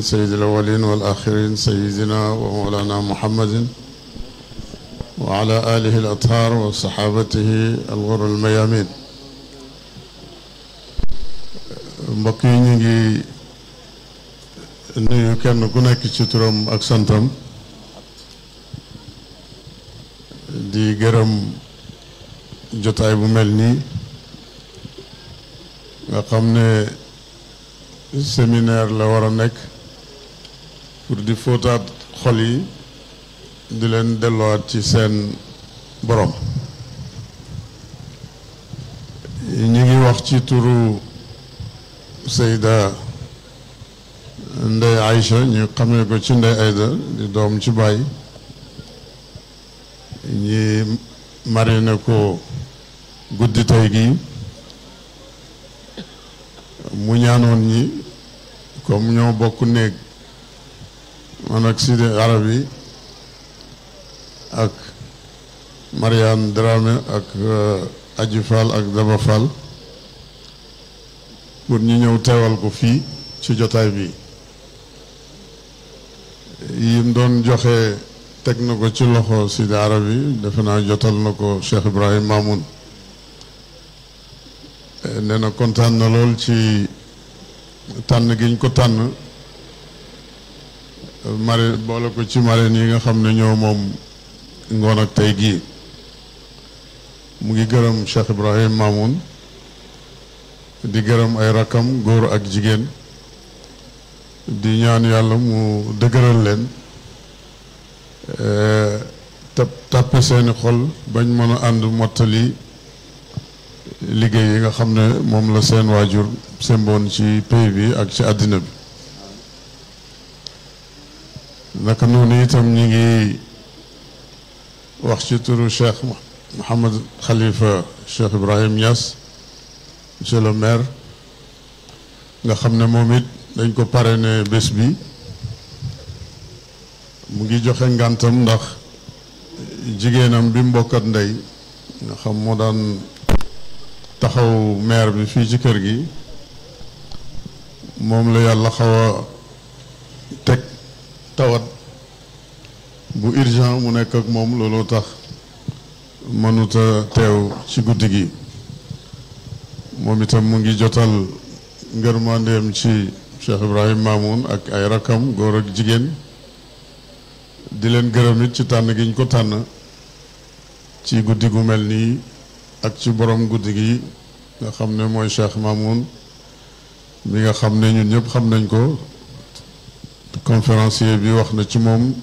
سيد الأولين والآخرين سيدنا ومولانا محمد وعلى آله الأطهار وصحابته الغر الميامين mbokk yi ñu ngi nuyu kenn ku nekk ci turam ak santam di gërëm jotaay bu mel ni nga xam ne séminaire la war nekk pour di fóotaat xol yi di leen delluwaat ci seen boroom ñu ngi wax ci turu Seyda Ndey Aïcha ñu xamee ko ci Ndey Aïda di doom ci baay ñi mari na ko guddi tey gii mu ñaanoon ñi comme ñoo bokk néeg man ak Sidi Arabi ak Mariane Dramé ak euh, Adji ak Daba Fall pour ñu ñëw teewal ko fii ci jotaay bi yim doon joxe teg na ko ci loxo Sidi Arabi defe naa jotal na ko Cheikh Ibrahim Mamoun eh, nee na kontaan na lool ci tànn giñ ko tànn marraine boole ko ci marraine yi nga xam ne ñoo moom ngoon ak tey gii mu ngi gërëm Cheikh Ibrahim Mamoun di gërëm ay rakkam góor ak jigéen di ñaan yàlla mu dëgëral leen e, tap tàppe seeni xol bañ mën a ànd mottali liggéey yi nga xam ne moom la seen waajur semboon ci pays bi ak ci àddina bi naka noonu itam ñu ngi wax ci turu Cheikh Mouhamad Khalifa Cheikh Ibrahim Niass monsieur maire nga xam ne moom it dañ ko parrainé bés bi mu ngi joxe ngàntam ndax jigéenam bi mbokkat ndey nga xam moo daan taxaw maire bi fii ci kër gi moom la yàlla xaw a teg tawat bu urgent mu nekk ak moom looloo tax mënuta teew ci guddi gi moom itam mu ngi jotal ngërmandeem ci Cheikh Ibrahim Mamoun ak ay rakkam góor ak jigéen di leen gërëm it ci tànn gi ñu ko tànn ci guddi gu mel nii ak ci borom guddi gi nga xam ne mooy Cheikh Mamoun mi nga xam ne ñun ñëpp xam nañ ko conférencier bi wax na ci moom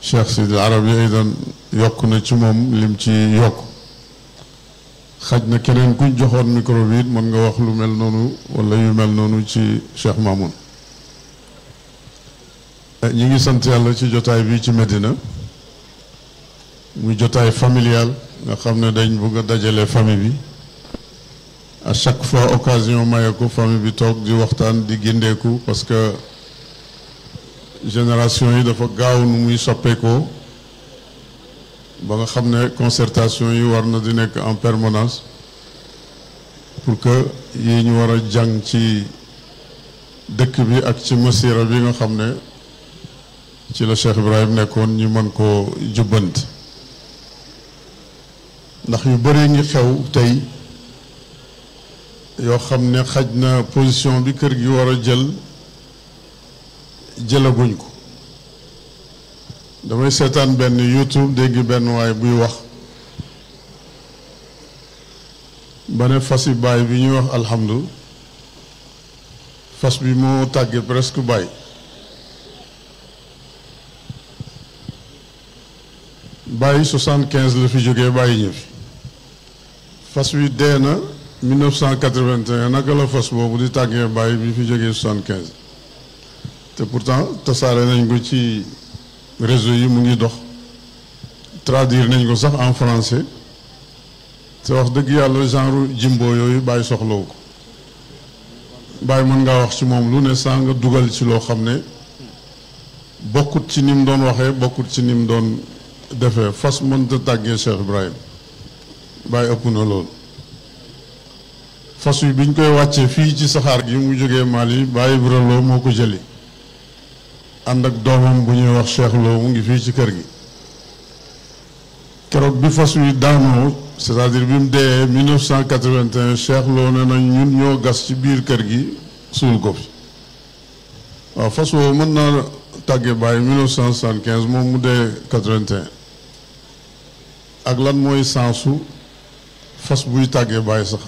cheikh sidil arab yi doon yokk na ci moom lim ci yokk xaj na keneen kuñ joxoon micro mën nga wax lu mel noonu walla yu mel noonu ci cheikh Mamoun eh, ñi ngi sant yàlla ci jotaay bi ci Medina muy jotaay familial nga xam ne dañ bëgg dajale famille bi à chaque fois occasion maye ko bi toog di waxtaan di gindeeku parce que génération yi dafa gaaw nu muy soppeekoo ba nga xam ne concertation yi war na di nekk en permanence pour que yi ñu war a jàng ci dëkk bi ak ci masira bi nga xam ne ci la Cheikh Ibrahim nekkoon ñi mën koo jubbanti ndax yu bëri ngi xew tey yoo xam ne xaj na position bi kër gi war a jël jëlaguñ ko damay seetaan benn YouTube dégg benn waay buy wax ba ne fas yu baay bi ñuy wax alhamdu fas bi moo tàggee presque baay bàyyi soixante quinze la fi jógee bàyyi ñu fi fas wi dee na 1981 naka la fas boobu di tàggee bàyyi bi fi jógee soixante te pourtant tasaare nañ ko ci réseau yi mu ngi dox traduire nañ ko sax en français te wax dëgg yàlla genre jimbo yooyu bàyyi soxlawu ko bàyyi mën ngaa wax ci moom lu ne sàng dugal ci loo xam ne bokkut ci ni mu doon waxee bokkut ci ni mu doon defee fas mënta tàggee Cheikh Ibrahim bàyyi ëpp na loolu fas wi biñ koy wàccee fii ci saxaar gi mu jógee Mali bàyyi biraloo moo ko jëli ànd ak doomam bu ñuy wax Cheikh mu ngi fii ci kër gi keroog bi fas wi daanoo c'est-à-dire bi mu dee 1981 ne nañ ñun ñoo gas ci biir kër gi suul ko fi waaw fas woowu mën naa tàgge bàyyi 1975 moom mu dee 81 ak lan mooy sensu fas buy tàggee bàyyi sax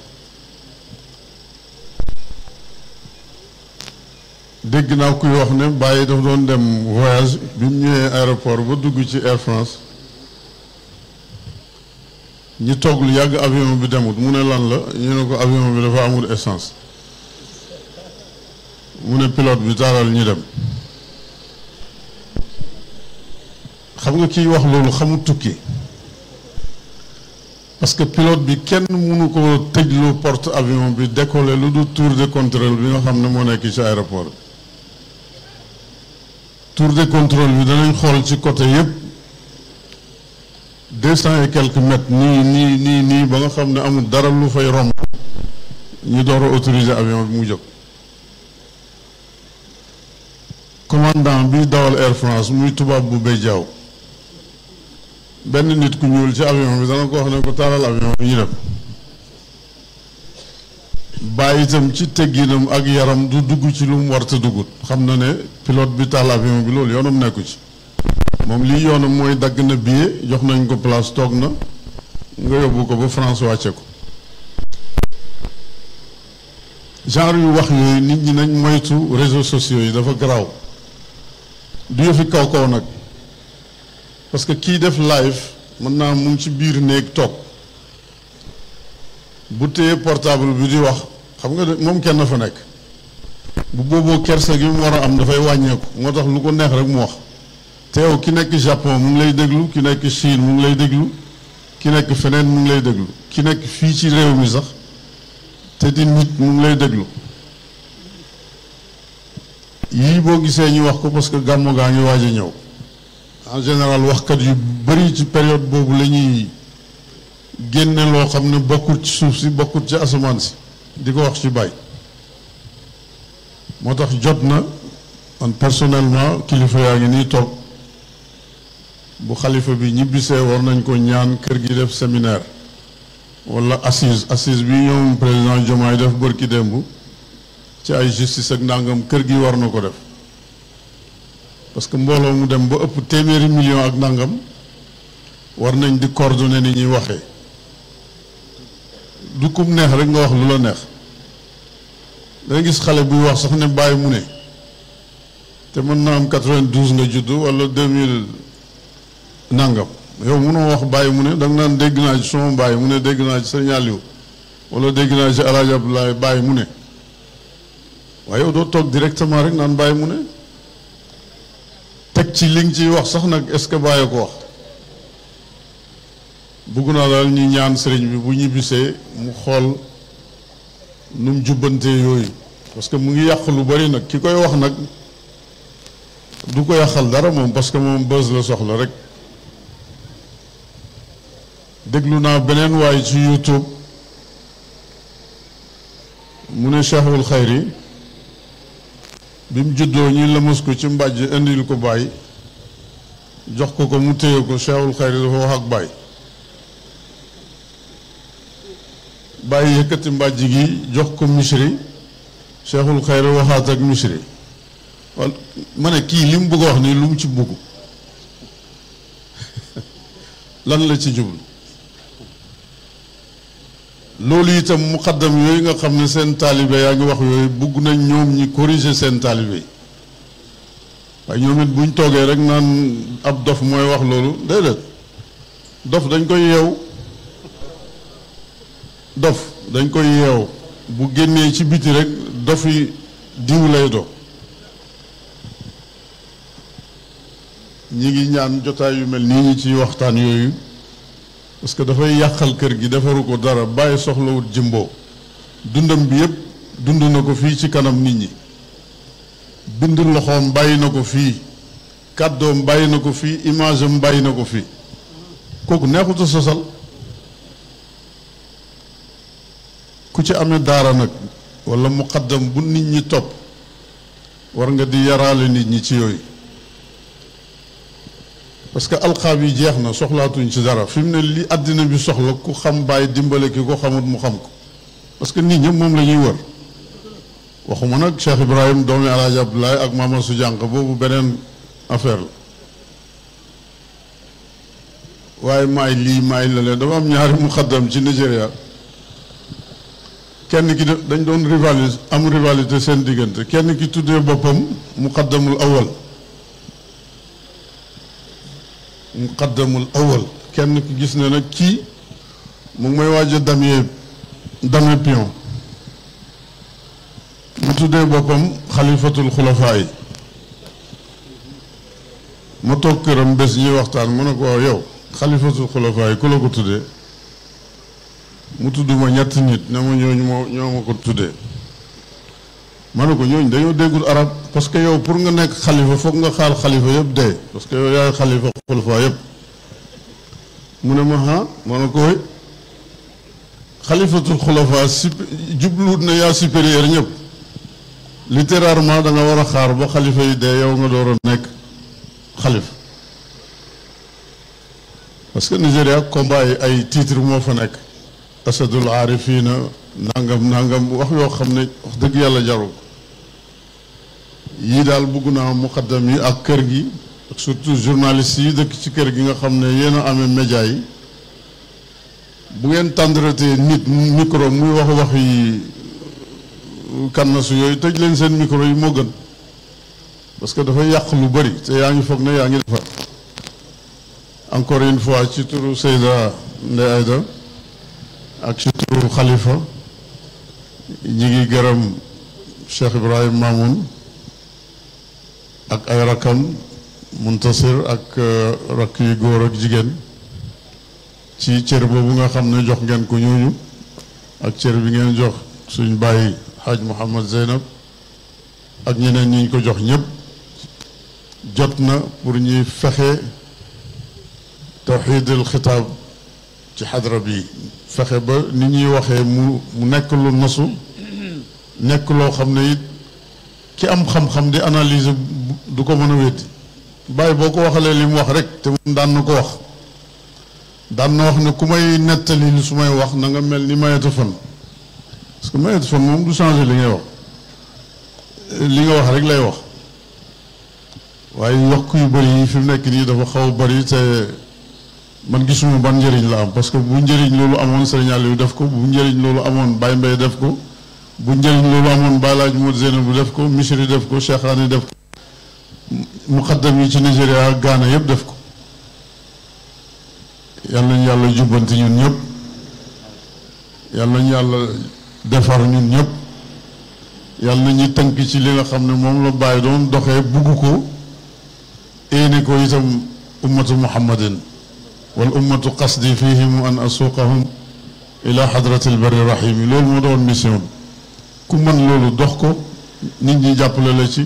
dégg naa kuy wax ne bàyyi dafa doon dem voyage bi mu ñëwee aéroport ba dugg ci Air France ñi toog lu yàgg avion bi demut mu ne lan la ñu ne ko avion bi dafa amul essence mu ne pilote bi taaral ñu dem xam nga kiy wax loolu xamul tukki parce que pilote bi kenn mënu ko tëjlu porte avion bi décoller lu du tour de contrôle bi nga xam ne moo nekk ci aéroport bi tour de contrôle bi danañ xool ci côté yëpp deux cent et quelques mètres nii nii nii ba nga xam ne amul dara lu fay romb ñu door a autoriser avion bi mu jóg commandant bi dawal Air France muy tubaab bu bay jaaw benn nit ku ñuul ci avion bi dana ko wax ne ko taalal avion bi ñu dem bàyyi itam ci tegginam ak yaram du dugg ci lu mu warta duggut xam na ne pilote bi taal avion bi loolu yoonam nekku ci moom lii yoonam mooy dagg na billet jox nañ ko place toog na nga yóbbu ko ba France wàcce ko genre yu wax yooyu nit ñi nañ moytu réseaux sociaux yi dafa garaaw du yëfi kaw kaw nag parce que kii def live mën naa mu ci biir néeg toog bu téye portable bi di wax xam nga de moom kenn fa nekk bu booboo kersa gi mu war a am dafay wàññeeku moo tax lu ko neex rek mu wax te yow ki nekk Japon mu ngi lay déglu ki nekk Chine mu lay déglu ki nekk feneen mu ngi lay déglu ki nekk fii ci réew mi sax te di nit mu ngi lay déglu yii boo gisee ñu wax ko parce que gàmmu gaa ngi waaj ñëw en général waxkat yu bari ci période boobu la ñuy génne loo xam ne bokkut ci suuf si bokkut ci asamaan si di ko wax ci bàyyi moo tax jot na man personnellement kilifa yaa ngi nii toog bu xalifa bi ñibbisee war nañ ko ñaan kër gi def seminaire wala assise assise bi ñoom président Diomaye def bërki démb ci ay justice ak nangam kër gi war na ko def parce que mbooloo mu dem ba ëpp téeméeri million ak nangam war nañ di coordonner ni ñuy waxee du kum neex rek nga wax lu la neex danga gis xale buy wax sax ne bàyyi mu ne te mën na am 92 nga judd wala 2000 nangam yow mënoo wax bàyyi mu ne danga naan dégg naa ci sama bàyyi mu ne dégg naa ci Sëñ Aliou wala dégg naa ci El Hadj bàyyi mu ne waaye yow doo toog directement rek naan bàyyi mu ne teg ci li nga ciy wax sax nag est-ce que bàyyi ko wax. bugg naa daal ñu ñaan sëriñ bi bu ñibbisee mu xool nu mu jubbantee yooyu parce que mu ngi yàq lu bari nag ki koy wax nag du ko yàqal dara moom parce que moom bës la soxla rek déglu naa beneen waay ci YouTube mu ne Cheikhul Xayri bi mu juddoo ñi lëmas ko ci mbàjj indil ko bàyyi jox ko ko mu téye ko Cheikhul Xayri dafa wax ak bàyyi bàyyi yëkkati mbàjj gi jox ko misri cheikhul xayr waxaat ak misri wal ma ne kii li mu bëgg a wax nii lu mu ci bugg lan la ci jublu loolu itam muqaddam yooyu nga xam ne seen taalibe yaa ngi wax yooyu bëgg nañ ñoom ñi corriger seen taalibe yi waaye ñoom it buñ toogee rek naan ab dof mooy wax loolu déedéet dof dañ koy yeew dof dañ koy yeew bu génnee ci biti rek dof yi diw lay do ñi ngi ñaan jotaay yu mel nii ñi ci waxtaan yooyu parce que dafay yàqal kër gi defaru ko dara bàyyi soxlawut jëmboo dundam bi yépp dund na ko fii ci kanam nit ñi bind loxoom bàyyi na ko fii kàddoom bàyyi na ko fii imagem am bàyyi na ko fii kooku neexut a sosal ku ci amee daara nag wala muqaddam bu nit ñi topp war nga di yaraale nit ñi ci yooyu parce que alxaab yi jeex na soxlaatuñ ci dara fi mu ne li àddina bi soxla ku xam bàyyi dimbale ki ko xamut mu xam ko parce que nit ñëpp moom la ñuy wër waxuma nag Cheikh Ibrahim doomi Alaaji Abdoulaye ak Maama su jànq boobu beneen affaire la waaye maay lii maay la leen dafa am ñaari muqaddam ci Nigeria kenn ki dañ doon rivaliser am rivalité seen diggante kenn ki tuddee boppam muqaddamul awal muqaddamul awal kenn ki gis ne nag kii mu ngi may waaj a damee dame pion mu tuddee boppam xalifatul xulafaa yi ma toog këram bés ñuy waxtaan mu ne ko waaw yow xalifatul xulafaa yi ku la ko tuddee mu tudd ma ñetti nit ne ma ñooñu moo ñoo ma ko tuddee ma ne ko ñooñ dañoo déggul arab parce que yow pour nga nekk xalifa foog nga xaar xalifa yëpp dee parce que yow yaay xalifa xulafaa yëpp mu ne ma ah ma ne ko koy xalifatul xulafaa si jubluut na yaa supérieur ñëpp littéralement da nga war a xaar ba xalifa yi dee yow nga door a nekk xalifa parce que Nigéria combat ay titre moo fa nekk asadul aarifiina nangam nangam wax yoo xam ne wax dëgg yàlla jaru yii daal bëgg naa muqaddam yi ak kër gi ak surtout journaliste yi dëkk ci kër gi nga xam ne yéen a amee média yi bu ngeen tendreté nit micro muy wax wax yi kannasu yooyu tëj leen seen micro yi moo gën parce que dafay yàq lu bëri te yaa ngi foog ne yaa ngi defar encore une fois ci turu Seyda Ndeye Aïda ak surtout xalifa ñi ngi gërëm Cheikh Ibrahim Mamoun ak ay rakkam Muntasir ak euh, rakk yu góor ak jigéen ci cër boobu nga xam ne jox ngeen ko ñooñu ak cër bi ngeen jox suñ bàyyi Hadj Mouhamad Zeynab ak ñeneen ñi ñu ko jox ñépp jot na pour ñuy fexe tawxiidul xitaab ci xadra bi fexe ba ni ñuy waxee mu mu nekk lu nosu nekk loo xam ne it ki am xam-xam di analyse du ko mën a wéddi bàyyi boo ko waxalee li mu wax rek te moom daan na ko wax daan na wax ne ku may nettali li su may wax nanga mel ni mayetu fan parce que mayetu fan moom du changer li ngay wax li nga wax rek lay wax waaye wax kuy bëri yi fi nekk nii dafa xaw a bëri te man gisuma ban njëriñ la am parce que bu njëriñ loolu amoon Serigne yu def ko bu njëriñ loolu amoon Baye mbay def ko bu njëriñ loolu amoon Baye Laaj Mood def ko Misri def ko Cheikh Ani def ko muqaddam yi ci Nigéria ak Ghana yëpp def ko yal yàlla jubbanti ñun ñëpp yal nañu yàlla defar ñun ñëpp yal nañu tënk ci li nga xam ne moom la bàyyi doon doxee bugg ko éene ko itam ummatu muhammadin والأمة قصدي فيهم أن أسوقهم إلى حضرة البر الرحيم loolu moo doon mission ku mën loolu dox ko nit ñi jàppale la ci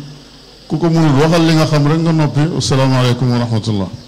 ku ko mënul waxal li nga xam rek nga noppi asalaamaaleykum wa rahmatullah